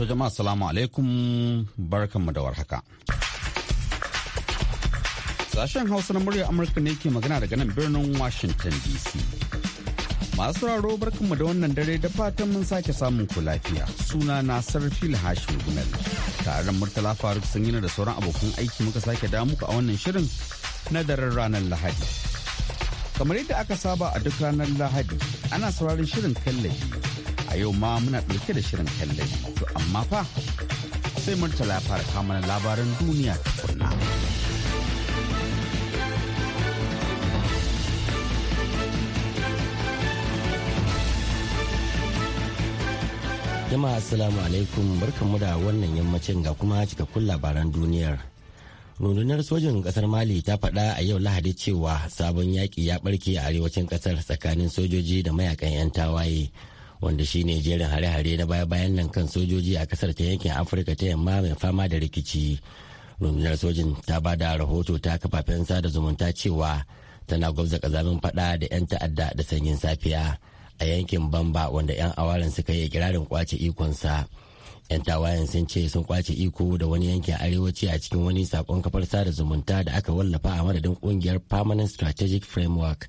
To jama'a salamu alaikum barkanmu da warhaka. Sashen Hausa na murya Amurka ne ke magana daga nan birnin Washington DC. Masu raro barkanmu da wannan dare da fatan mun sake samun ku lafiya. Suna na sarfi Hashim Gumel. Tare Murtala Faruk sun yi da sauran abokan aiki muka sake da muku a wannan shirin na daren ranar Lahadi. Kamar yadda aka saba a duk ranar Lahadi, ana sauraron shirin kallabi a yau ma muna ɗauke da shirin kallon to amma fa sai murtala ya fara kama labaran duniya tukunna. jama'a assalamu alaikum barkanmu da wannan yammacin ga kuma cikakkun labaran duniyar rundunar sojin kasar mali ta faɗa a yau lahadi cewa sabon yaƙi ya ɓarke a arewacin kasar tsakanin sojoji da mayakan 'yan tawaye wanda shine jerin hare-hare na baya-bayan nan kan sojoji a kasar ta yankin afirka ta yamma mai fama da rikici rundunar sojin ta ba da rahoto ta kafafen sada zumunta cewa tana gwabza kazamin fada da 'yan ta'adda da sanyin safiya a yankin bamba wanda 'yan awaren suka yi kirarin kwace ikonsa 'yan tawayen sun ce sun kwace iko da wani yankin arewaci a cikin wani sakon kafar sada zumunta da aka wallafa a madadin kungiyar permanent strategic framework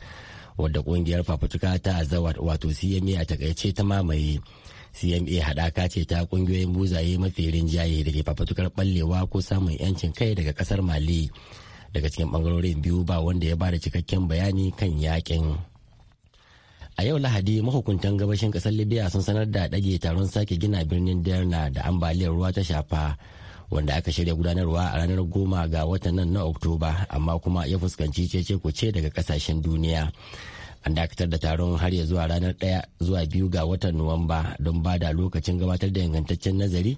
wadda kungiyar fafutuka ta azawar wato cma a takaice ta mamaye cma haɗaka ce ta kungiyoyin buzaye mafi rinjaye da ke fafutukar ɓallewa ko samun 'yancin kai daga ƙasar mali daga cikin ɓangarorin biyu ba wanda ya bada cikakken bayani kan yakin a yau lahadi mahukuntan gabashin ƙasar libya sun sanar da ɗage taron sake gina birnin derna da ambaliyar ruwa ta shafa wanda aka shirya gudanarwa a ranar goma ga watan nan na oktoba amma kuma ya fuskanci cece kuce daga kasashen duniya an dakatar da taron har ya zuwa ranar ɗaya zuwa biyu ga watan nuwamba don ba da lokacin gabatar da ingantaccen nazari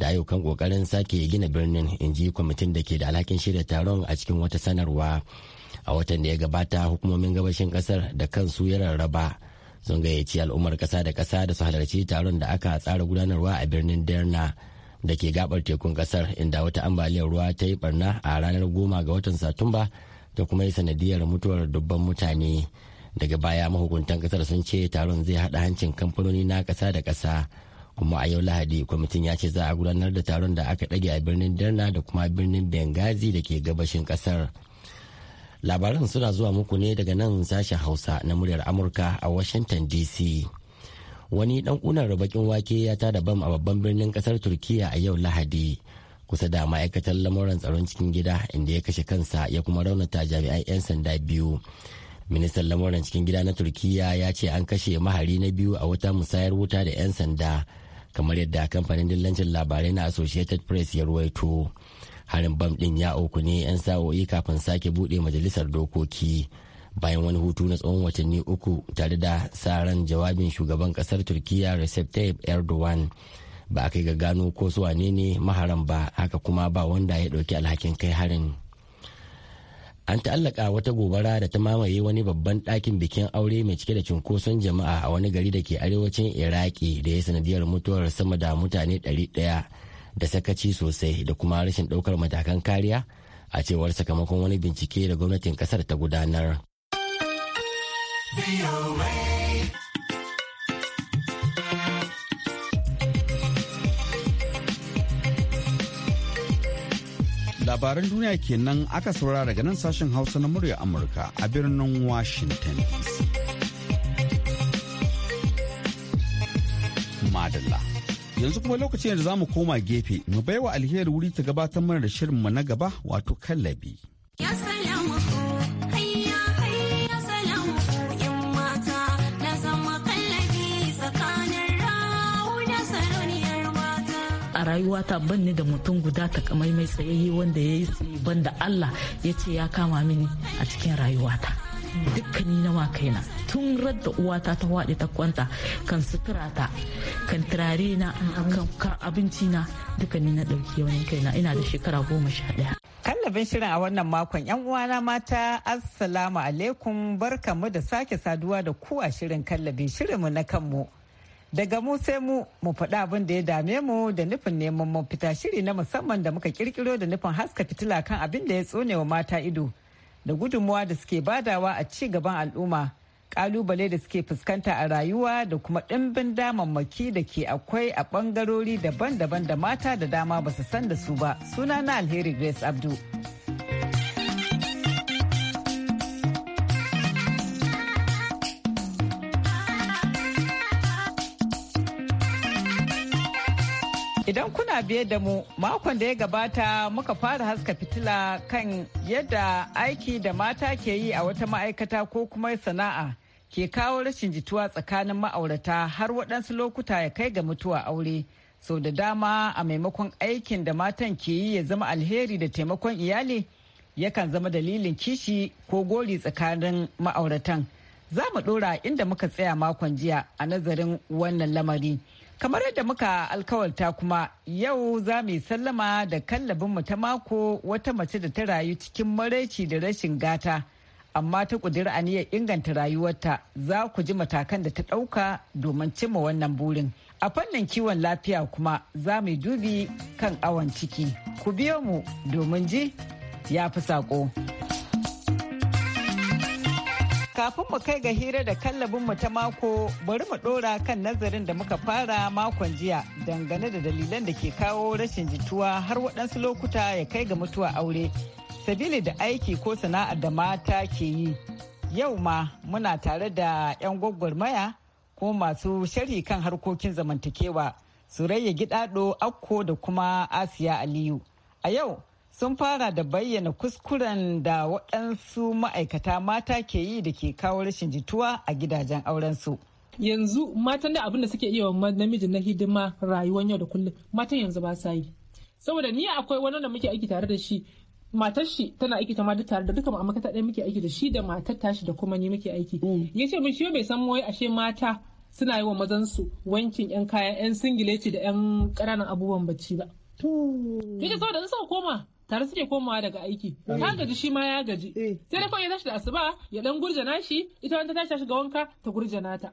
da ayyukan kokarin sake gina birnin in ji kwamitin da ke da alhakin shirya taron a cikin wata sanarwa a watan da ya gabata hukumomin gabashin kasar da kansu ya rarraba sun gayyaci al'ummar kasa da kasa da su halarci taron da aka tsara gudanarwa a birnin derna da ke gabar tekun kasar inda wata ambaliyar ruwa ta yi barna a ranar goma ga watan satumba da kuma yi sanadiyar mutuwar dubban mutane daga baya mahukuntan kasar sun ce taron zai hada hancin kamfanoni na kasa da kasa kuma a yau lahadi kwamitin ya ce za a gudanar da taron da aka dage a birnin derna da kuma birnin bengazi da ke gabashin kasar. labaran suna zuwa muku ne daga nan sashen hausa na muryar amurka a washington dc wani dan kunar bakin wake ya tada bam a babban birnin kasar turkiya a yau lahadi kusa da ma'aikatar lamuran tsaron cikin gida inda ya kashe kansa ya kuma raunata jami'an 'yan sanda biyu ministan lamuran cikin gida na turkiya ya ce an kashe mahari na biyu a wata musayar wuta da 'yan sanda kamar yadda kamfanin dillancin labarai na associated press ya ruwaito harin bam din ya auku ne 'yan sa'o'i kafin sake buɗe majalisar dokoki bayan wani hutu na tsawon watanni uku tare da sa ran jawabin shugaban kasar turkiya recep tayyip erdogan ba a kai ga gano ko su wane ne maharan ba haka kuma ba wanda ya ɗauki alhakin kai harin an ta'allaka wata gobara da ta mamaye wani babban ɗakin bikin aure mai cike da cunkoson jama'a a wani gari da ke arewacin iraki da ya sanadiyar mutuwar sama da mutane 100 da sakaci sosai da kuma rashin ɗaukar matakan kariya a cewar sakamakon wani bincike da gwamnatin kasar ta gudanar Labaran duniya kenan aka saura daga nan sashen Hausa na murya Amurka a birnin Washington DC. Madalla. Yanzu kuma lokacin da za mu koma gefe mu baiwa alheri wuri ta gabatar mana da shirin mu na gaba wato kallabi. rayuwata ban ni da mutum guda ta kamai mai tsayayye wanda ya yi ban da Allah ya ce ya kama mini a cikin rayuwata dukkani na kaina tun radda uwata ta waɗe ta kwanta kan sutura ta kan turare na kan abinci na dukkani na ɗauki wani kaina ina da shekara goma sha ɗaya kallabin shirin a wannan makon yan uwana mata assalamu alaikum barkamu da sake saduwa da kuwa shirin kallabin shirinmu na kanmu daga mu sai mu mu faɗa abin da ya dame mu da nufin neman fita shiri na musamman da muka kirkiro da nufin haska fitila kan abin da ya tsone wa mata ido da gudunmuwa da suke badawa a ci gaban al'umma kalubale da suke fuskanta a rayuwa da kuma ɗimbin damammaki da ke akwai a ɓangarori daban-daban da mata da dama ba su san da su ba suna na alheri grace abdu Idan kuna biye da mu makon da ya gabata muka fara haska fitila kan yadda aiki da mata ke yi a wata ma'aikata ko kuma sana'a ke kawo rashin jituwa tsakanin ma'aurata har waɗansu lokuta ya kai ga mutuwa aure. Sau da dama a maimakon aikin da matan ke yi ya zama alheri da taimakon iyali yakan zama dalilin kishi ko gori tsakanin ma'auratan. Za mu ɗora inda muka tsaya makon jiya a nazarin wannan lamari. Kamar yadda muka alkawalta kuma yau za mu sallama da kallabinmu ta mako wata mace da ta rayu cikin maraici da rashin gata, amma ta ƙudiri aniyar inganta rayuwarta za ku ji matakan da ta ɗauka domin cimma wannan burin. A fannin kiwon lafiya kuma za mu dubi kan awon ciki. Ku biyo mu domin ji ya fi saƙo. Kafin mu kai ga hira da kallabin mu ta mako bari mu ɗora kan nazarin da muka fara makon jiya dangane da dalilan da ke kawo rashin jituwa har waɗansu lokuta ya kai ga mutuwa aure. Sabili da aiki ko sana'a da mata ke yi. Yau ma muna tare da 'yan gwagwarmaya ko masu sharhi kan harkokin zamantakewa. Surayya Gidado Akko da kuma Asiya Aliyu. A yau sun fara da bayyana kuskuren da waɗansu ma'aikata mata ke yi da ke kawo rashin jituwa a gidajen aurensu. Yanzu matan da abin da suke iya wa namiji na hidima rayuwar yau da kullum matan yanzu ba sa yi. Saboda ni akwai wani da muke aiki tare da shi matar shi tana aiki ta da tare da duka a ta ɗaya muke aiki da shi da matar tashi da kuma ni muke aiki. Mm. Ya ce shi bai san wai ashe mata suna yi wa su wankin 'yan kaya 'yan singileci da 'yan ƙananan abubuwan bacci ba. Yake saboda in sa koma tare suke komawa daga aiki ta gaji shi ma ya gaji eh. sai da kawai ya tashi da asuba ya dan gurjana shi ita wanda ta tashi ga wanka ta gurjana ta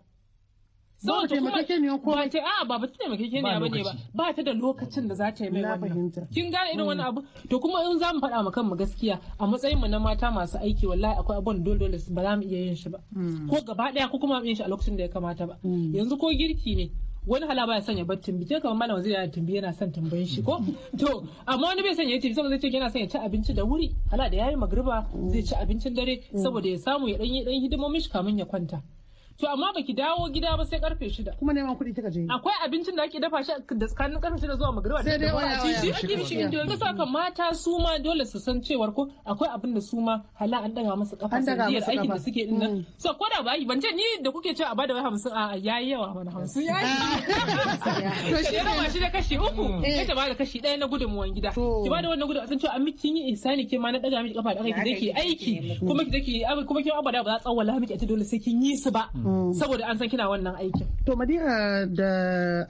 Sau ta kuma ta a ba ba ta taimakekeniya ba ne ba ba ta da lokacin da za ta yi mai wannan. Kin gane irin hmm. wani abu to kuma in za mu faɗa ma kanmu gaskiya a matsayin mu na mata masu aiki wallahi akwai abun dole dole ba za mu iya yin shi ba. Hmm. Ko gaba ɗaya ko kuma mu yin shi a lokacin da ya kamata ba. Hmm. Yanzu ko girki ne wani hala baya son ya bar tumbi ke kamar malam zai yana tumbi yana son tumbin shi ko to amma wani bai sanya ya tumbi saboda zai ce yana son ya ci abinci da wuri hala da yayi magriba zai ci abincin dare mm. saboda ya samu ya dan yi dan hidimomin shi kamin ya kwanta to amma baki dawo gida ba sai karfe shida kuma neman kuɗi kika je akwai abincin da ake dafa shi da tsakanin karfe shida zuwa magariba sai dai wani ci shi kasa ka mata su ma dole su san cewar ko akwai abin da su ma hala an daga masa kafa sanadiyar aikin da suke din nan mm. so ko da ba yi ban ce ni da kuke cewa a bada wai hamsin a yayi yawa mana hamsin yayi to shi ma shi da kashi uku kai mm. ta bada kashi ɗaya na gudunmuwan gida ki bada wannan gudun a san cewa an miki yi ihsani ke ma na daga miki kafa da kai ki aiki kuma ki kuma ki abada ba za tsawala miki a ce dole sai kin yi su ba mm. Mm. saboda an san kina wannan aikin to madina da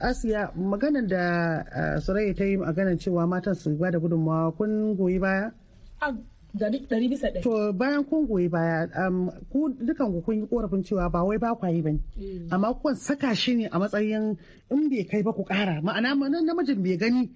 asiya maganar da eh, suraya ta yi maganar cewa matan su ba da gudunmawa kun goyi baya dari bisa ɗaya. To bayan kun goyi baya um, ku dukan ku kun yi korafin cewa ba wai ba kwa yi bane. Mm. Amma kun saka shi ne a matsayin in bai kai ba ku ƙara ma'ana namijin bai gani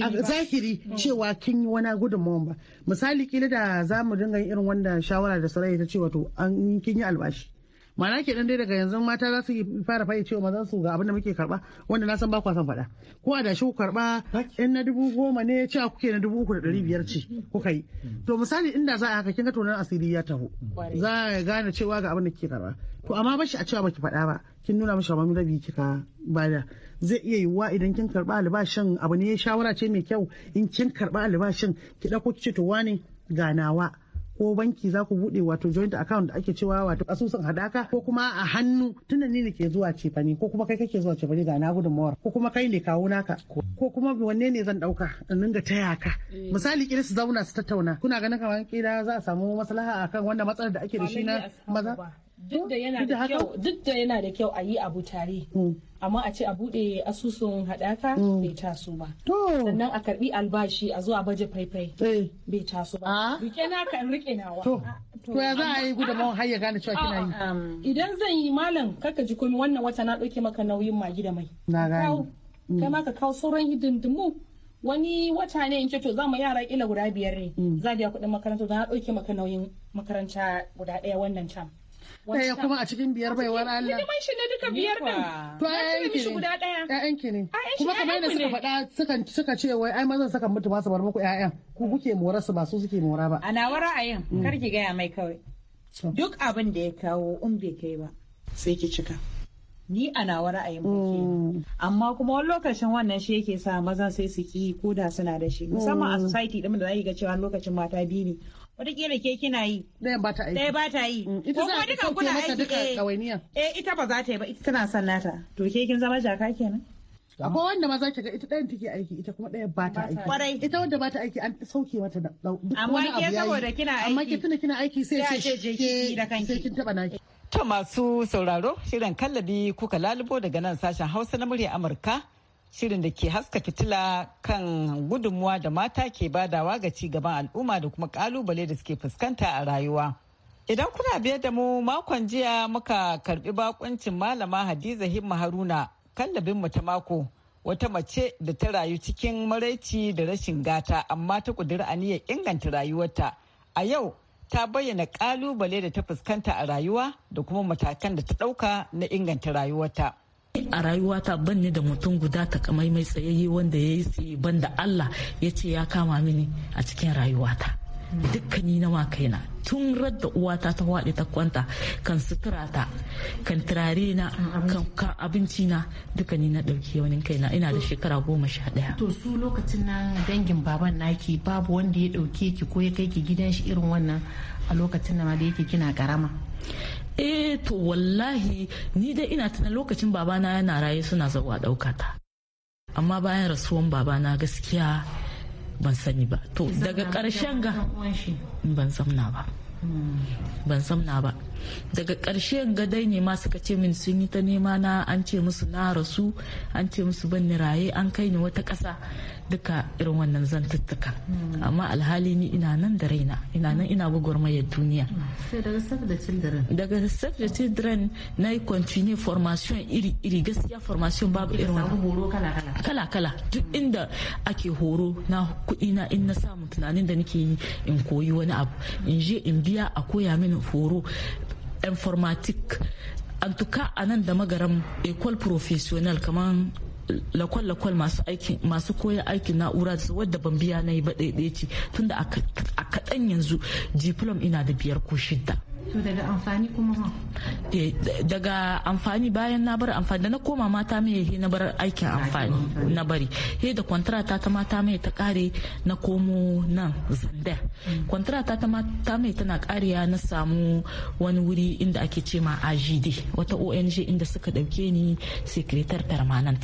a zahiri mm. cewa kin yi wani gudunmawan ba. Misali kila da za mu dinga irin wanda shawara da sarai ta ce wato an kin yi albashi. mana ke dan dai daga yanzu mata za su fara fayi cewa maza su ga abin da muke karba wanda na san ba kwa san faɗa ko da shi ku karba in na dubu goma ne ya a kuke na dubu uku da ɗari biyar ce kuka yi to misali inda za a haka kin ga tonan asiri ya taho za a gane cewa ga abin da kike karba to amma ba shi a cewa baki faɗa ba kin nuna mishi kamar rabi kika bada zai iya yiwuwa idan kin karba albashin abu ne ya shawara ce mai kyau in kin karba albashin ki ɗauko ce to wane ganawa ko banki za ku buɗe wato joint account da ake cewa wato asusun hadaka ko kuma a hannu tunda ni ne ke zuwa cefane ko kuma kai kake zuwa cefane ga na gudunmawar ko kuma kai ne kawo naka ko kuma wanne ne zan ɗauka in dinga taya ka eh. misali kila su zauna su tattauna kuna ganin kamar kila za a samu maslaha akan wannan matsalar da ake da shi na maza duk da yana da kyau a yi abu tare hmm. amma a ce a bude asusun hadaka mm. bai taso ba sannan a karbi albashi a zo a baje faifai eh. bai taso ba rike ah. na kan rike nawa ah, to ya za a yi gudunmawar har ya gane cewa kina yi ah, um. idan zan yi malam kaka ji komi wannan wata na ɗauke maka nauyin magi da mai na gani mm. kai ma ka kawo sauran hidindimu wani wata ne in ce to za mu yara kila guda biyar ne mm. za biya kuɗin makaranta za na ɗauke maka nauyin makaranta guda ɗaya wannan can ɗaya kuma a cikin biyar wani Allah hidiman shi na duka biyar din to a ne guda ɗaya ƴaƴan ki ne kuma kamar yadda suka faɗa suka suka ce wai ai mazan suka mutu ba su bar muku ƴaƴan ku kuke mora su ba su suke mora ba ana a ra'ayin mm. kar ki gaya mai kawai duk abin da ya kawo in bai kai ba sai ki cika ni a nawa ra'ayin baki mm. amma kuma wani lokacin wannan shi yake sa mazan sai su ki ko da suna da shi musamman a mm. society din da zaki ga cewa lokacin mata biyu ne wataƙila ke kina yi. Ɗaya ba ta yi. Ɗaya mm, ba ta yi. Ko kuma dukan kuna aiki eh. eh ita ba za ta yi ba ita tana son nata. To ke kin zama jaka kenan. Akwai wanda maza ki ga ita ɗayan take aiki ita kuma ɗayan ba ta aiki. Kwarai. Ita wanda ba ta aiki an sauke mata da ɗau. abu Amma ke saboda kina aiki. Amma ke tuna kina aiki sai sai ke da kanki. Sai kin taɓa naki. To masu sauraro shirin kallabi kuka lalubo daga nan sashen Hausa na murya Amurka. shirin da ke haska fitila kan gudunmuwa da mata ke badawa ga ci gaban al'umma da kuma kalubale da suke fuskanta a rayuwa. Idan kuna biyar da mu makon jiya muka karbi bakuncin malama Hadiza Himma Haruna kallabin mu ta mako wata mace da ta rayu cikin maraici da rashin gata amma ta kudura aniyar inganta rayuwarta. A yau ta bayyana kalubale da ta fuskanta a rayuwa da kuma matakan da ta ɗauka na inganta rayuwarta. a rayuwata ban ni da mutum guda mai tsayayye wanda ya yi tsaye ban da Allah ya ce ya kama mini a cikin rayuwata dukkani na kaina tun radda uwata ta waɗe ta kwanta kan sutura ta kan turare na kan abinci na dukkani na ɗauki wani kaina ina da shekara goma sha ɗaya. to su lokacin nan dangin baban naki babu wanda ya ɗauke ki ko ya kai ki gidan shi irin wannan a lokacin ma da yake kina karama. eh to wallahi ni dai ina tunan lokacin babana yana raye suna zauwa a amma bayan rasuwan babana gaskiya ban sani ba to daga ƙarshen ga ban zamna ba ban samna ba daga ƙarshe gadai ne ma suka ce min sun yi ta nema na an ce musu na rasu an ce musu ban ni raye an kai ni wata ƙasa duka irin wannan zantuttuka hmm. amma alhali ni ina nan da raina ina nan ina gwagwarmayar duniya daga save the children daga children na yi continue formation iri iri gaskiya formation babu irin wannan horo kala kala duk inda ake horo na kuɗi na in na samun tunanin da nake yi in koyi wani abu in je in bi biya a koya mini horo informatic antuka a nan da magaram ecole professionnel kamar lakwal-lakwal masu koya aikin na'ura da wadda ban biya na yi ba ɗaiɗaya ce tunda a kaɗan yanzu diplom ina da biyar ko shidda To daga amfani kuma ma? Eh, daga amfani bayan na bar amfani da na koma mata mai he na bar aikin amfani na bari. He da kwantarata ta mata mai ta kare na komo nan zanda. Kwantarata ta mata mai tana kariya na samu wani wuri inda ake ce ma AGD wata ONG inda suka dauke ni sekretar permanent.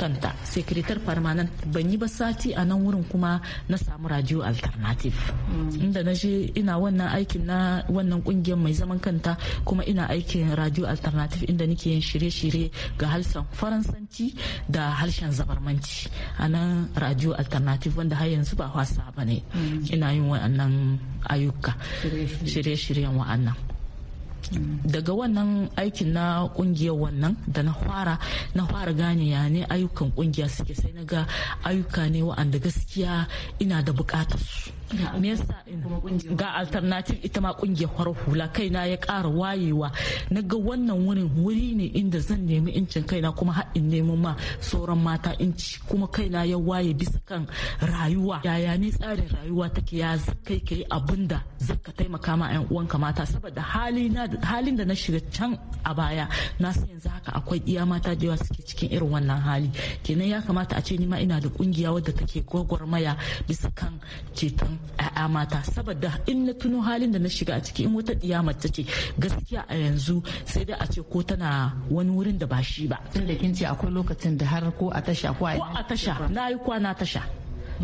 Kanta sekretar permanent ban yi ba sati a nan wurin kuma na samu radio alternative. Mm. Inda na je ina wannan aikin na wannan sunan kungiyar mai zaman kanta kuma ina aikin radio alternative inda nake yin shirye-shirye ga harshen faransanci da harshen zabarmanci a nan radio alternative wanda har yanzu ba wasa ba ne mm. ina yin wa'annan ayyuka shirye-shiryen wa'annan daga wannan aikin na kungiyar wannan da na fara na fara gane ya ne ayyukan kungiya suke sai na ga ayyuka ne wa'anda gaskiya ina da bukatar su ga alternative ita ma kungiyar farar hula kaina ya kara wayewa na ga wannan wurin wuri ne inda zan nemi incin kaina kuma haɗin neman ma sauran mata inci kuma kaina ya waye bisa kan rayuwa yaya ne tsarin rayuwa take ya kai kai abinda zaka taimaka ma yan uwanka mata saboda hali na da halin da na shiga can a baya na san yanzu haka akwai iya mata da yawa suke cikin irin wannan hali kenan ya kamata a ce ni ma ina da kungiya wadda take gwagwarmaya bisa kan ceton yaya mata saboda in na tuno halin da na shiga a ciki in wata iya mace ce gaskiya a yanzu sai dai a ce ko tana wani wurin da ba shi ba tun da kin ce akwai lokacin da har ko a tasha ko a tasha na yi kwana tasha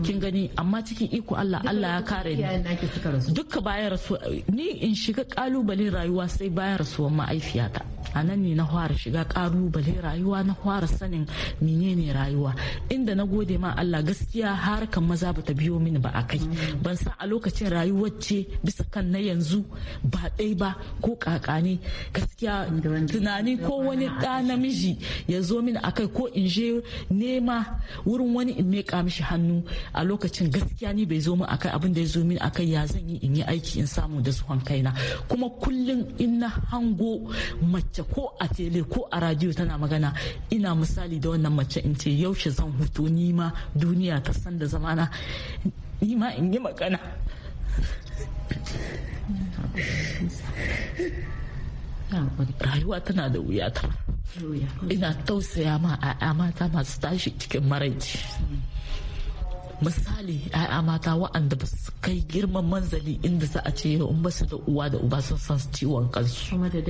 kin gani amma cikin iko Allah Allah ya kare ni duka bayan rasuwa ni in shiga kalubalen rayuwa sai bayan rasuwar ma'aifiyata a nan ne na fara shiga ƙalubale rayuwa na fara sanin menene rayuwa inda na gode ma Allah gaskiya harkan maza ba ta biyo mini ba a kai ban san a lokacin rayuwar ce bisa kan na yanzu ba ɗai ba ko kakane gaskiya tunani ko wani ɗa namiji ya zo mini a kai ko in je nema wurin wani in meƙa mishi hannu a lokacin gaskiya ni bai zo min a kai abin da ya zo mini a kai ya zan yi in yi aiki in samu da zuwan kaina kuma kullum in na hango mace ko a tele ko a radio tana magana ina misali da wannan mace in ce yaushe zan hutu ni ma duniya ta san da zamana ni ma in yi magana rayuwa tana da wuya ta ina tausaya ma a mata masu tashi cikin maraici misali a mata waɗanda ba su kai girman manzali inda za a ce in ba su da uwa da uba sun san ciwon kansu da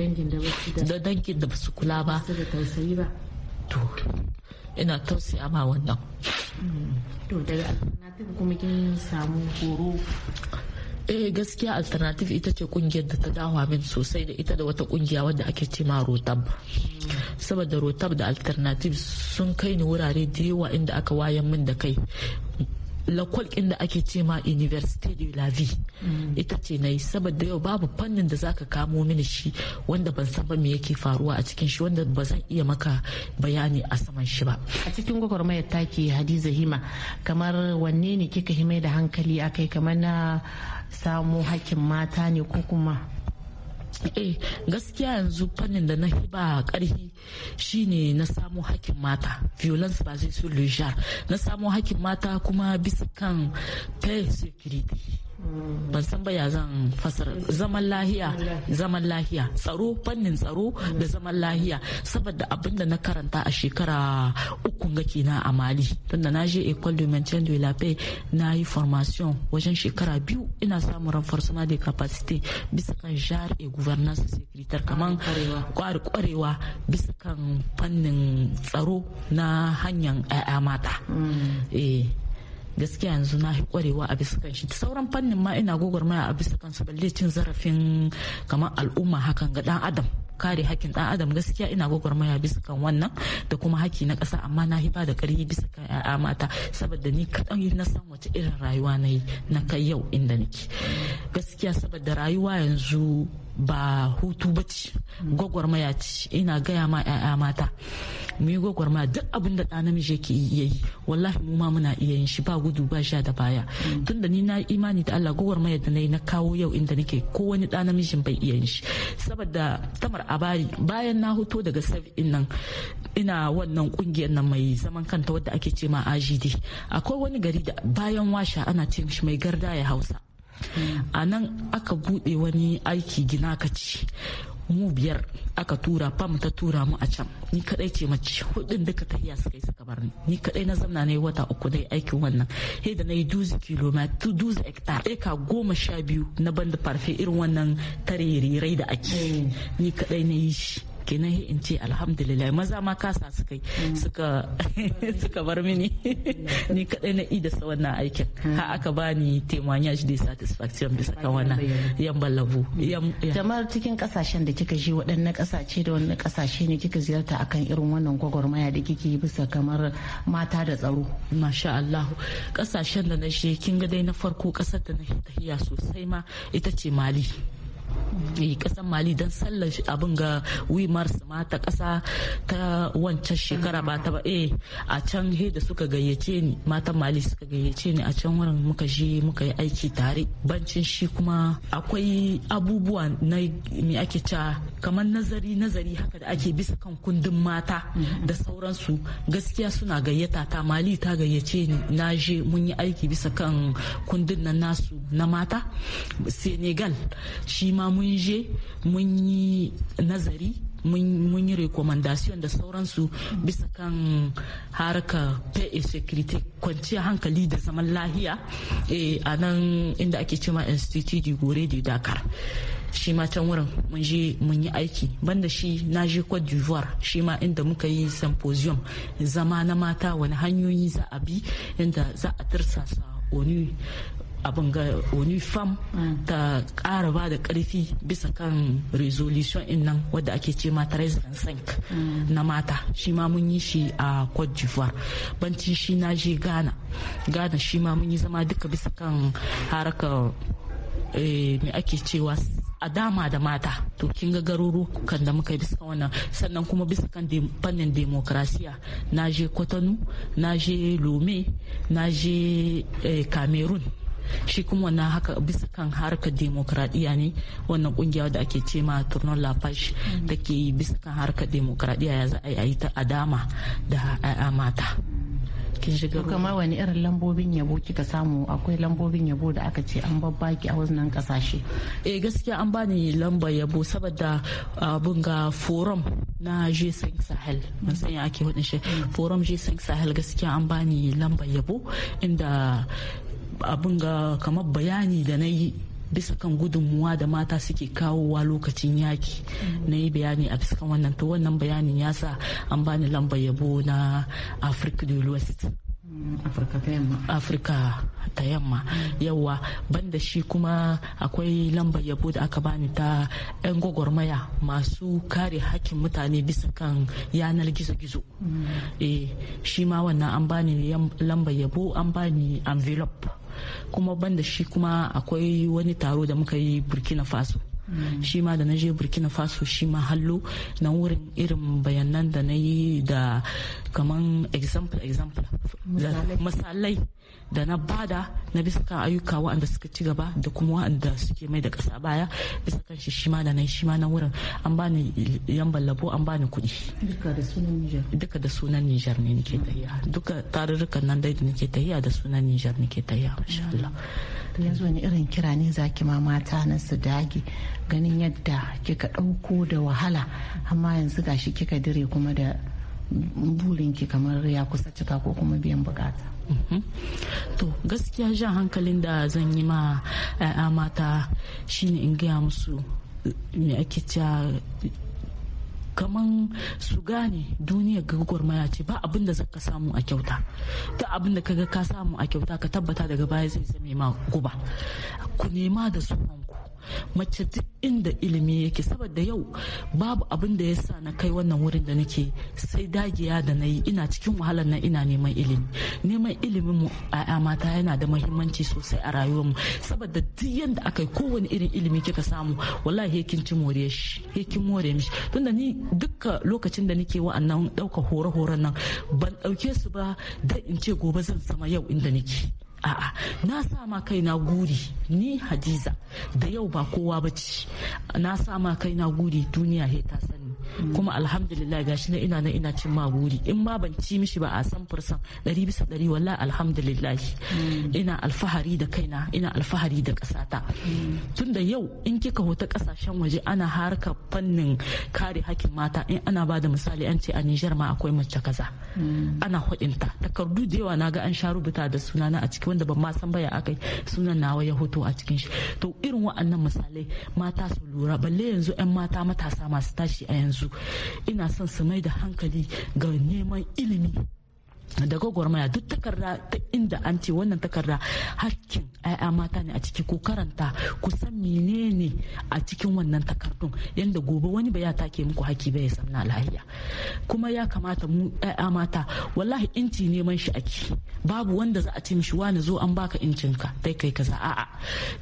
dangin da ba su kula ba ina tausayi to ina tausaya ma wannan to daga alternative kuma kin samu horo eh gaskiya alternative ita ce kungiyar da ta dawa min sosai da ita da wata kungiya wadda ake ce ma rotab saboda rotab da alternative sun kai ni wurare da yawa inda aka wayan min da kai lakwal ɗin da ake ce ma université de la vie mm. ita ce na yi saboda yau babu fannin da zaka kamo mini shi wanda ban san ba me yake faruwa a cikin shi wanda ba zan iya maka bayani a saman shi ba a cikin gwagwarmayar taki hadiza hima kamar wanne ne kika himai da hankali akai kamar na samu hakkin mata ne ko kuma eh gaskiya yanzu fannin da na ba karfi shine na samo hakkin mata violence ba zai le na samo hakkin mata kuma bisa kan pay security ban san baya zan fasara zaman lahiya zaman lahiya tsaro fannin tsaro da zaman lahiya saboda abin da na karanta a shekara uku ga kenan a mali tunda na je Ecole de maintien de la paix na yi formation wajen shekara biyu ina samun renforcement de capacité bisa kan jar et gouvernance sécuritaire kaman kwarewa bisa kan fannin tsaro na hanyar 'ya'ya mata mm. eh. gaskiya yanzu na kwarewa a bisa kan shi sauran fannin ma ina gwagwarmaya a bisa kansu balle cin zarafin kamar al'umma hakan ga dan adam kare hakkin dan adam gaskiya ina gogwarmaya bisa kan wannan da kuma haki na kasa amma na hiba da ƙarfi bisa kan yaya mata saboda ni kaɗan na san wace irin rayuwa na yi na kai yau inda nake gaskiya saboda rayuwa yanzu ba hutu ba ce gwagwarmaya ce ina gaya ma 'ya'ya mata mu yi gwagwarmaya duk abin da ɗa namiji yake iya yi wallahi mu ma muna iya yin shi ba gudu ba sha da baya tun da ni na imani da Allah gwagwarmaya da yi na kawo yau inda nake ko wani ɗa namijin bai iya yin shi saboda tamar bari bayan na hoto daga sab'in nan ina wannan kungiyar nan mai zaman kanta wadda ake ce ma ajidi akwai wani gari da bayan washa ana ce mishi mai garda ya hausa a nan aka bude wani aiki gina ka ci mu biyar aka tura fam ta tura mu a can ni kadai ce mace hudun duka ta iya suka yi suka bar ni ni kadai na zamna na yi wata uku dai aikin wannan he da na yi duzi kilomita duzi hektar eka goma sha biyu na banda farfe irin wannan taririrai da ake eh. ni kadai na yi shi kenan in ce alhamdulillah maza ma kasa mm. suka suka suka bar mini ni kadai na i da wannan aikin mm. ha aka bani shi de satisfaction bisa kan wannan yan ballabu mm. jama'ar cikin kasashen da kika je waɗannan kasashe da wannan kasashe ne kika ziyarta akan irin wannan gwagwarmaya da kike bisa kamar mata da tsaro masha Allah kasashen da na shi kin ga dai na farko kasar da na tahiya sosai ma ita ce Mali kasan eh, mali don sallar abin ga wimar mata ta kasa ta wancan shekara ba ta ba eh, a can he da suka gayyace ni matan mali suka gayyace ni a can wurin muka je muka yi aiki tare bancin shi kuma akwai abubuwa na me ake ca kamar nazari nazari haka da ake bisa kan kundin mata da sauransu gaskiya suna gayyata ta mali ta gayyace ni na je mun yi aiki bisa kan kundin nan nasu na mata senegal shi ma mun je mun yi nazari mun yi recommendation da sauransu bisa kan harka pay security kwanciyar hankali da zaman lahiya eh, a nan inda ake cema institute gore di dakar shi ma can wurin mun je mun yi aiki banda shi na je cote d'ivoire shi ma inda muka yi symposium zama na mata wani hanyoyi za a bi inda za a tirsasa wani. abin ga onifam ta ƙara ba da ƙarfi bisa kan resolution in nan wadda ake ce ma 3.5 na mata shi ma mun yi shi a cote d'ivoire banci shi na je ghana ghana shi ma mun yi zama duka bisa kan haraka eh, me ake cewa a dama da mata to kin ga kan da muka bisa wannan sannan kuma bisa kan fannin demokrasiya na je kotonu na je lome na je eh, cameroon shi kuma wannan haka bisa kan harkar demokradiyya ne wannan kungiyar da ake ce ma turnon lafash mm. da ke yi bisa kan harkar demokradiyya ya za a yi ta adama da a mata kin shiga kamar wani irin lambobin yabo kika samu akwai lambobin yabo da aka ce an babbaki a wannan kasashe eh gaskiya an bani lamba yabo saboda abun ah, ga forum na G5 Sahel mun san ake wadin shi mm. forum G5 Sahel gaskiya an bani lamba yabo inda abin ga kamar bayani da na yi bisa kan gudunmuwa da mata suke kawowa lokacin yaki na yi bayani a bisa wannan to wannan bayanin ya sa an bani lambar yabo na africa del west afirka ta yamma yawa banda shi kuma akwai lambar yabo da aka bani ta 'yan gwagwarmaya masu kare hakkin mutane bisa kan yanar gizo-gizo mm. eh, shi ma wannan an bani lambar yabo an bani envelope kuma banda shi kuma akwai wani taro da muka yi burkina faso shi ma da na je burkina faso shi ma hallo na wurin irin bayanan da na yi da kaman example example misalai da na bada na bisa kan ayyuka waɗanda suka ci gaba da kuma waɗanda suke mai da ƙasa baya bisa kan shi shima da nan shima na wurin an bani yan ballabo an bani kuɗi duka da sunan Nijar ne nake tahiya duka tarurrukan nan dai da nake tahiya da sunan Nijar nake tahiya insha Allah to yanzu wani irin kira ne zaki ma mata na su dage ganin yadda kika ɗauko da wahala amma yanzu gashi kika dire kuma da burinki kamar ya kusa cika ko kuma biyan bukata mhm. to gaskiya jan hankalin da zan yi ma 'ya'ya mata shine in gaya musu me ake cewa kaman su gane duniya gwagwarmaya ce ba abin da ka samu a kyauta ta abinda da kaga ka samu a kyauta ka tabbata daga baya zai zame ma guba ku nema da sunanku mace duk inda ilimi yake saboda yau babu abin da ya sa na kai wannan wurin da nake sai dagiya da na yi ina cikin wahalar na ina neman ilimi neman ilimin mu a mata yana da mahimmanci sosai a rayuwar mu saboda duk yanda aka yi kowane irin ilimi kika samu wallahi kin ci more shi kin more mishi tunda ni dukka lokacin da nake wa'annan ɗauka hore-horen nan ban ɗauke su ba da in ce gobe zan zama yau inda nake a'a na sa ma kaina guri ni hadiza da yau ba kowa bace na sa ma kaina guri duniya ta kuma alhamdulillah gashi na ina na ina cin ma buri in ma ban ci mishi ba a san fursan ɗari bisa ɗari walla alhamdulillah mm. ina alfahari da kaina ina alfahari da ƙasata mm. tunda yau in kika hota kasashen waje ana harka fannin kare hakkin mata in ana ba da misali an ce a Nijar ma akwai mace kaza mm. ana hudinta takardu da yawa na ga an sha rubuta da sunana a ciki wanda ban ma san baya akai sunan nawa ya hoto a cikin shi to irin wa'annan misalai mata su lura balle yanzu 'yan mata matasa masu tashi a yanzu su ina son su mai da hankali ga neman ilimi da gwagwarmaya duk takarda ta inda an ce wannan takarda hakkin 'ya'ya mata ne a ciki ko karanta ku san menene a cikin wannan takardun yadda gobe wani ba ya take muku haki ba ya samna lahiya kuma ya kamata mu 'ya'ya mata wallahi inci neman shi a ciki babu wanda za a ce mishi wani zo an baka ka dai kai kaza a'a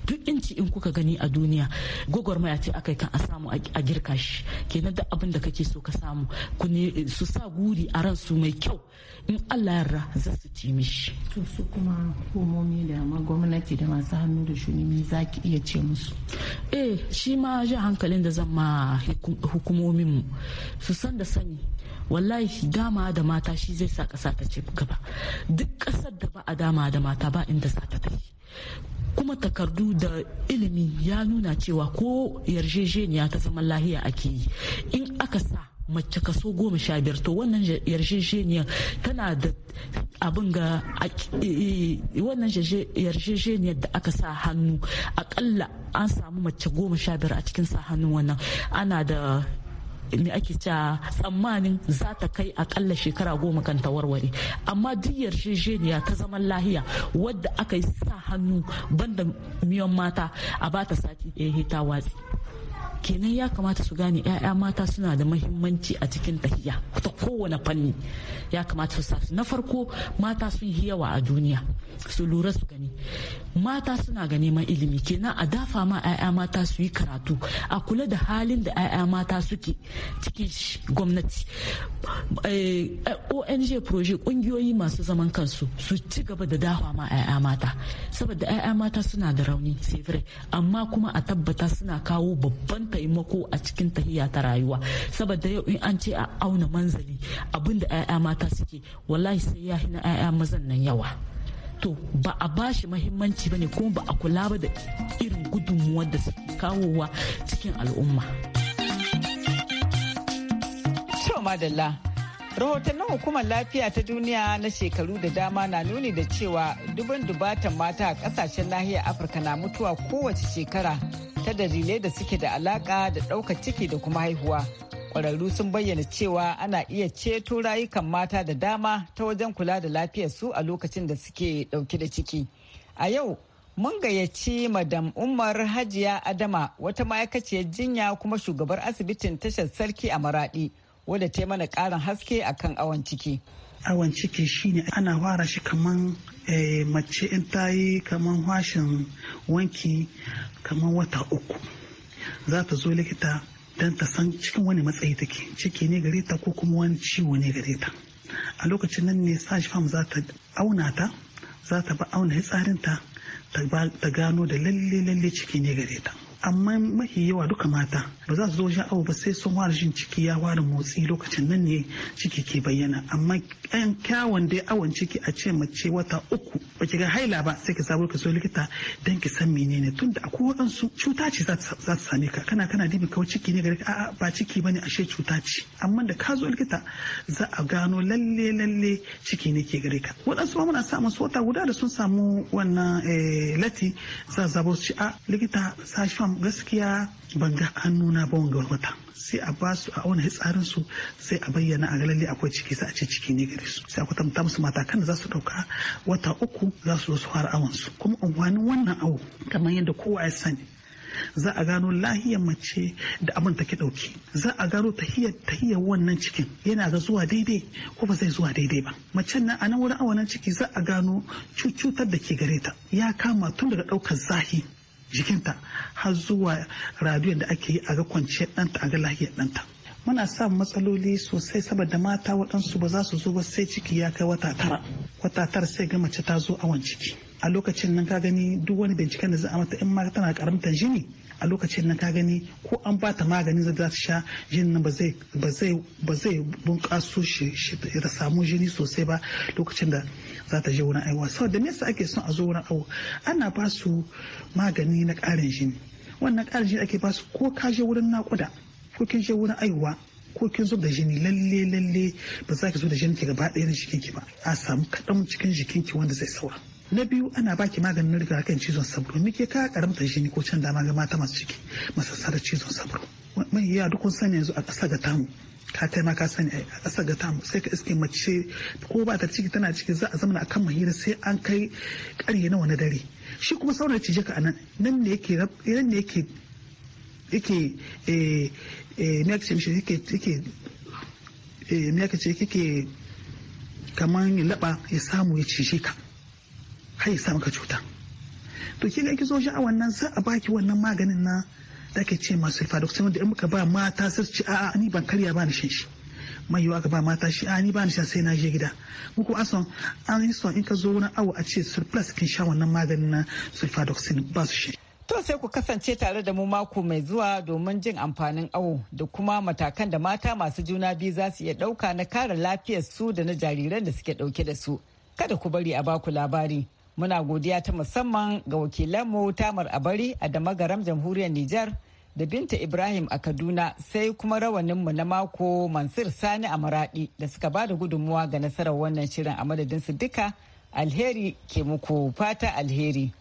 duk inci in kuka gani a duniya gwagwarmaya ce akai kan a samu a girka shi kenan duk abin da kake so ka samu ku ne su sa guri a ran su mai kyau Allah yarda za su ci mishi to su kuma hukumomi da ma gwamnati da masu hannu da shuni za ki iya ce musu eh shi ma ji hankalin da zan ma hukumomin mu su san da sani wallahi dama da mata shi zai sa ƙasa ta ce gaba duk ƙasar da ba a dama da mata ba inda za ta tafi kuma takardu da ilimi ya nuna cewa ko yarjejeniya ta zaman lahiya ake yi in aka sa mace kaso goma sha biyar to wannan yarjejeniyar tana da abin ga wannan yarjejeniyar da aka sa hannu akalla an samu mace goma sha biyar a cikin sa hannun wannan ana da me ake cewa tsammanin za ta kai akalla shekara goma kan ta warware amma duk yarjejeniya ta zaman lahiya wadda aka yi sa hannu banda miyan mata a bata sati yi ta watsi kenan ya kamata su gane 'ya'ya mata suna da mahimmanci a cikin tahiya ta kowane fanni ya kamata su sasu na farko mata sun yi yawa a duniya su lura su gani mata suna ga neman ilimi kenan a dafa ma 'ya'ya mata su yi karatu a kula da halin da 'ya'ya mata suke cikin gwamnati eh, ong project kungiyoyi masu zaman kansu su ci gaba da dafa ma 'ya'ya mata saboda 'ya'ya mata suna da rauni amma kuma a tabbata suna kawo babban taimako a cikin tahiya ta rayuwa saboda yau in an ce a auna manzali abinda 'ya'ya mata suke wallahi sai ya na 'ya'ya mazan nan yawa to ba a bashi shi mahimmanci ba ne kuma ba a kula ba da irin gudunmuwar da suke kawowa cikin al'umma. madalla rahotannin hukumar lafiya ta duniya na shekaru da dama na nuni da cewa dubin dubatan mata a kasashen nahiyar afirka na mutuwa kowace shekara ta dalilai da suke da alaka da ɗaukar ciki da kuma haihuwa. Ƙwararru sun bayyana cewa ana iya ceto rayukan mata da dama ta wajen kula da lafiyarsu a lokacin da suke ɗauke da ciki. A yau, mun gayyaci madam umar hajiya adama wata ma'aikaciyar jinya kuma shugabar asibitin tashar sarki a maraɗi wadda ta mana ƙarin haske akan awon ciki awon ciki shine ana fara shi kaman eh, mace in ta yi kaman washin wanki kamar wata uku za ta zo likita don ta san cikin wani matsayi take ciki ne gare ta ko kuma wani ciwo ne gare ta a lokacin nan ne sashi fam za ta auna ta za ta ba auna tsarin ta gano da lalle lalle ciki ne gare ta amma mafi yawa duka mata ba za su zo wajen awo ba sai sun fara jin ciki ya fara motsi lokacin nan ne ciki ke bayyana amma yan kyawun dai awon ciki a ce mace wata uku ba ki ga haila ba sai ka sabo ka so likita dan ki san menene tunda akwai waɗansu cuta ce za ta same ka kana kana dibi kawai ciki ne gare a'a ba ciki bane ashe cuta ce amma da ka zo likita za a gano lalle lalle ciki ne ke gare ka waɗansu ma muna samun su wata guda da sun samu wannan eh, lati za su zabo su ci a likita sashi gaskiya ban ga hannuna ba wanga wata sai a ba su a auna hitsarin su sai a bayyana a galalli akwai ciki sai a ce ciki ne gare su sai a kwatanta musu mata da za su dauka wata uku za su zo fara awon su kuma amfanin wannan awo kamar yadda kowa ya sani za a gano lahiyar mace da abin take dauki za a gano tahiyar tahiyar wannan cikin yana ga zuwa daidai ko ba zai zuwa daidai ba Macen nan a nan wurin awon ciki za a gano cucutar da ke gare ta ya kama tun daga daukar zahi jikinta har zuwa radiyon da ake yi a ga kwanciyar ɗanta a ga lahiyar ɗanta muna samun matsaloli sosai saboda mata waɗansu ba za su zo ba sai ciki ya kai wata tara wata tara sai ga mace ta zo awon ciki a lokacin nan ka gani duk wani binciken da za a mata in ma tana karamtar jini a lokacin na ka gani ko an ba ta maganin za ta sha jinin nan ba zai bunƙaso shi ta samu jini sosai ba lokacin da za ta je wurin aiwa saboda me yasa ake son a zo wurin awo ana ba su magani na ƙarin jini wannan ƙarin jini ake ba su ko ka je wurin naƙuda ko kin je wurin aiwa ko kin zo da jini lalle lalle ba za ki zo da jini ki gaba ɗaya na jikinki ba a samu kaɗan cikin jikinki wanda zai saura na biyu ana baki maganin rigakafin cizon sabro ke ka karamta jini ko can dama ga mata masu ciki masassarar cizon sabro mai iya duk kun sani yanzu a ƙasa ga tamu ka taima ka sani a ƙasa ga tamu sai ka iske mace ko ba ta ciki tana ciki za a zama a kan mahira sai an kai ƙarye na wani dare shi kuma sauran cije ka anan nan ne yake nan ne yake yake eh eh me yake yake yake eh me yake yake kaman ya laba ya samu ya cije ka har ya maka cuta to kin ga ki zo wannan nan sai a baki wannan maganin na da ke ce masu sulfadoxin da in muka ba mata sai ci a'a ni ban karya ba ni shan shi mai yiwa ka ba mata shi a ni ba ni sha sai na je gida mu ko ason an yi son in ka zo wani awo a ce surplus kin sha wannan maganin na sulfadoxin ba su shi To sai ku kasance tare da mu mako mai zuwa domin jin amfanin awo da kuma matakan da mata masu juna biyu za su iya ɗauka na kare lafiyar su da na jariran da suke ɗauke da su. Kada ku bari a baku labari. Muna godiya ta musamman ga wakilanmu Tamar Abari a Damagaram Jamhuriyar Nijar da Binta Ibrahim a Kaduna sai kuma rawaninmu na mako Mansur Sani a Maradi da suka ba da gudunmuwa ga nasarar wannan shirin a madadinsu duka alheri ke muku fata alheri.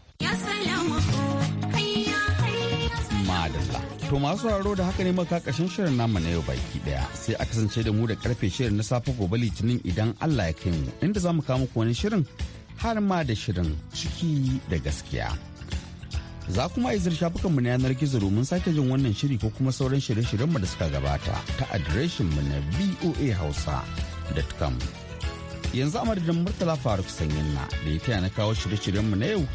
To masu sauraro da haka ne maka shirin namu na yau baki daya sai a kasance da mu da karfe shirin na safe gobe litinin idan Allah ya kai mu inda zamu mu kawo muku wani shirin har ma da shirin ciki da gaskiya. Za kuma yi shafukanmu na yanar gizo domin sake jin wannan shiri ko kuma sauran shirye-shiryenmu da suka gabata ta adireshinmu na hausa.com. Yanzu a madadin Murtala Faruk Sanyin na da ya taya na kawo shirye-shiryenmu na yau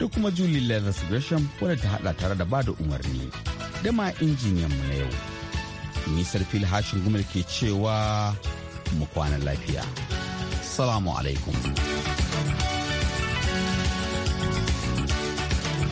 da kuma juli Leathers Gresham wadda ta hada tare da bada umarni da ma mu na yau. Nisar fil hashin gumar ke cewa mu kwana lafiya. Wassalamu alaikum.